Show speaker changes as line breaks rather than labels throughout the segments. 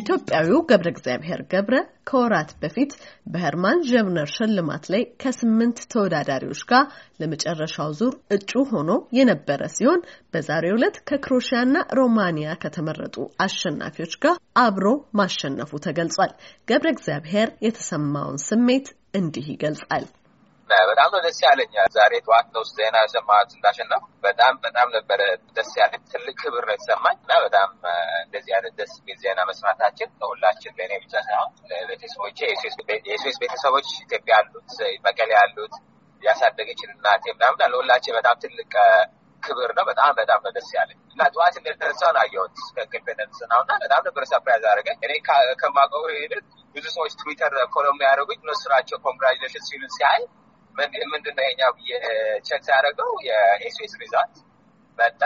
ኢትዮጵያዊው ገብረ እግዚአብሔር ገብረ ከወራት በፊት በሄርማን ዠብነር ሽልማት ላይ ከስምንት ተወዳዳሪዎች ጋር ለመጨረሻው ዙር እጩ ሆኖ የነበረ ሲሆን በዛሬው ዕለት ከክሮሺያና ሮማኒያ ከተመረጡ አሸናፊዎች ጋር አብሮ ማሸነፉ ተገልጿል። ገብረ እግዚአብሔር የተሰማውን ስሜት እንዲህ ይገልጻል።
በጣም ነው ደስ ያለኛል። ዛሬ ጠዋት ነው ዜና ሰማት እንዳሸነፍ በጣም በጣም ነበረ ደስ ያለኝ። ትልቅ ክብር ነው የተሰማኝ እና በጣም እንደዚህ አይነት ደስ የሚል ዜና መስማታችን ለሁላችን ለእኔ ብቻ ሳይሆን ለቤተሰቦቼ የስዊስ ቤተሰቦች ኢትዮጵያ ያሉት መቀሌ ያሉት ያሳደገችን እናቴ ምናምን ለሁላችን በጣም ትልቅ ክብር ነው። በጣም በጣም ነው ደስ ያለኝ እና ጠዋት እንደተነሳሁ ነው አየሁት ከእንቅልፌ የተነሳሁ እና በጣም ነበረ ሰፕራይዝ አደረገኝ። እኔ ከማውቀው ይልቅ ብዙ ሰዎች ትዊተር ፎሎ የሚያደርጉኝ እነሱ ናቸው ኮንግራጁሌሽን ሲሉ ሲያይ ምንድን ነው የኛው ቼክ ሲያደርገው የኤስቢኤስ ሪዛልት መጣ።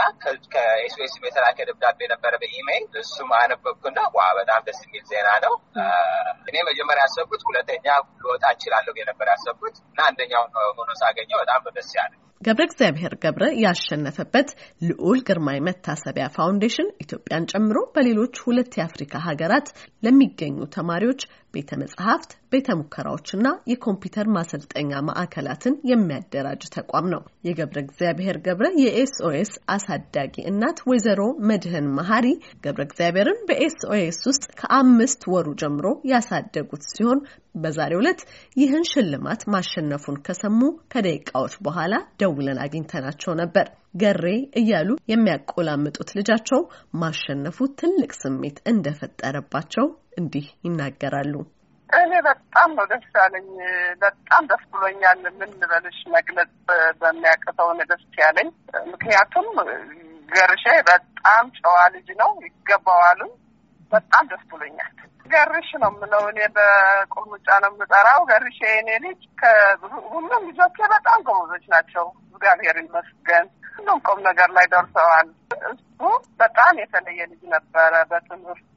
ከኤስቢኤስ የተላከ ደብዳቤ ነበረ በኢሜይል እሱም አነበብኩና ዋ በጣም ደስ የሚል ዜና ነው። እኔ መጀመሪያ ያሰብኩት ሁለተኛ ልወጣ እችላለሁ የነበረ ያሰብኩት እና አንደኛው ሆኖ ሳገኘው በጣም በደስ ያለ
ገብረ እግዚአብሔር ገብረ ያሸነፈበት ልዑል ግርማይ መታሰቢያ ፋውንዴሽን ኢትዮጵያን ጨምሮ በሌሎች ሁለት የአፍሪካ ሀገራት ለሚገኙ ተማሪዎች ቤተ መጽሐፍት፣ ቤተ ሙከራዎችና የኮምፒውተር ማሰልጠኛ ማዕከላትን የሚያደራጅ ተቋም ነው። የገብረ እግዚአብሔር ገብረ የኤስኦኤስ አሳዳጊ እናት ወይዘሮ መድህን መሀሪ ገብረ እግዚአብሔርን በኤስኦኤስ ውስጥ ከአምስት ወሩ ጀምሮ ያሳደጉት ሲሆን በዛሬው ዕለት ይህን ሽልማት ማሸነፉን ከሰሙ ከደቂቃዎች በኋላ ደውለን አግኝተናቸው ነበር። ገሬ እያሉ የሚያቆላምጡት ልጃቸው ማሸነፉ ትልቅ ስሜት እንደፈጠረባቸው እንዲህ ይናገራሉ።
እኔ በጣም ነው ደስ ያለኝ። በጣም ደስ ብሎኛል። ምን ልበልሽ መግለጽ በሚያቅተው ነው ደስ ያለኝ። ምክንያቱም ገርሼ በጣም ጨዋ ልጅ ነው፣ ይገባዋልም። በጣም ደስ ብሎኛል። ገርሽ ነው የምለው እኔ በቁልምጫ ነው የምጠራው። ገርሼ የኔ ልጅ ከሁሉም ልጆቼ በጣም ጎበዞች ናቸው። እግዚአብሔር ይመስገን ሁሉም ቁም ነገር ላይ ደርሰዋል። እሱ በጣም የተለየ ልጅ ነበረ በትምህርቱ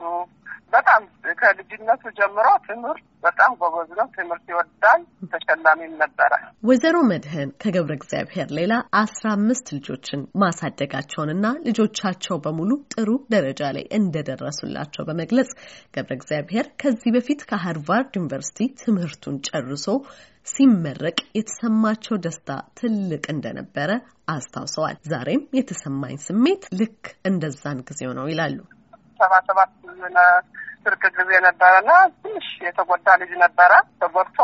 በጣም ከልጅነቱ ጀምሮ ትምህርት በጣም ጎበዝ ነው። ትምህርት ይወዳል። ተሸላሚም ነበረ።
ወይዘሮ መድህን ከገብረ እግዚአብሔር ሌላ አስራ አምስት ልጆችን ማሳደጋቸውንና ልጆቻቸው በሙሉ ጥሩ ደረጃ ላይ እንደደረሱላቸው በመግለጽ ገብረ እግዚአብሔር ከዚህ በፊት ከሃርቫርድ ዩኒቨርሲቲ ትምህርቱን ጨርሶ ሲመረቅ የተሰማቸው ደስታ ትልቅ እንደነበረ አስታውሰዋል። ዛሬም የተሰማኝ ስሜት ልክ እንደዛን ጊዜው ነው ይላሉ።
ሰባ ሰባት ስርቅ ጊዜ ነበረ እና ትንሽ የተጎዳ ልጅ ነበረ። ተጎድቶ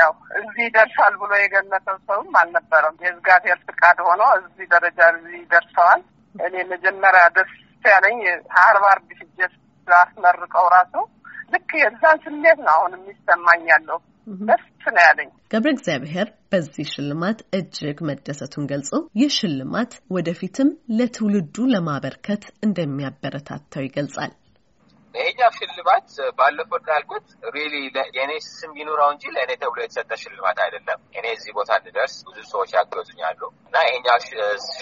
ያው እዚህ ይደርሳል ብሎ የገመተው ሰውም አልነበረም። የእግዚአብሔር ፍቃድ ሆኖ እዚህ ደረጃ እዚህ ደርሰዋል። እኔ መጀመሪያ ደስ ያለኝ አርባ አርብ ስጀት አስመርቀው ራሱ ልክ የዛን ስሜት ነው አሁን የሚሰማኝ ያለው ደስ ነው ያለኝ።
ገብረ እግዚአብሔር በዚህ ሽልማት እጅግ መደሰቱን ገልጾ ይህ ሽልማት ወደፊትም ለትውልዱ ለማበርከት እንደሚያበረታታው ይገልጻል።
ይሄኛ ሽልማት ባለፈው እንዳልኩት ሪሊ የእኔ ስም ይኑረው እንጂ ለእኔ ተብሎ የተሰጠ ሽልማት አይደለም። እኔ እዚህ ቦታ እንድደርስ ብዙ ሰዎች ያገዙኛሉ እና ይሄኛው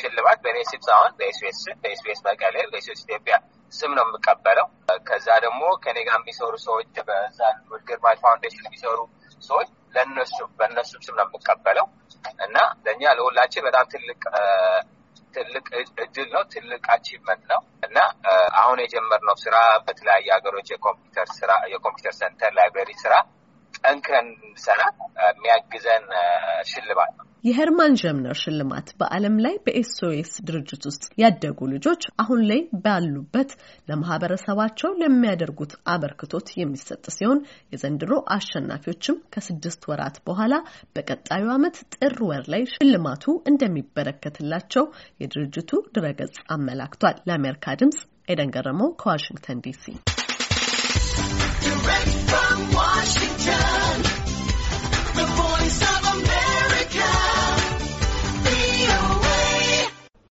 ሽልማት በእኔ ስም ሳይሆን በኤስቤስ ስም፣ በኤስቤስ መቀሌ፣ በኤስቤስ ኢትዮጵያ ስም ነው የምቀበለው። ከዛ ደግሞ ከኔ ጋር የሚሰሩ ሰዎች በዛ ግርማ ፋውንዴሽን የሚሰሩ ሰዎች ለነሱ በእነሱ ስም ነው የምቀበለው እና ለእኛ ለሁላችን በጣም ትልቅ ትልቅ እድል ነው። ትልቅ አቺቭመንት ነው እና አሁን የጀመርነው ስራ በተለያየ ሀገሮች የኮምፒውተር ስራ የኮምፒውተር ሰንተር ላይብረሪ ስራ ጠንክረን ሰራ የሚያግዘን
የሄርማን ጀምነር ሽልማት በዓለም ላይ በኤስኦኤስ ድርጅት ውስጥ ያደጉ ልጆች አሁን ላይ ባሉበት ለማህበረሰባቸው ለሚያደርጉት አበርክቶት የሚሰጥ ሲሆን የዘንድሮ አሸናፊዎችም ከስድስት ወራት በኋላ በቀጣዩ ዓመት ጥር ወር ላይ ሽልማቱ እንደሚበረከትላቸው የድርጅቱ ድረገጽ አመላክቷል። ለአሜሪካ ድምጽ ኤደን ገረመው ከዋሽንግተን ዲሲ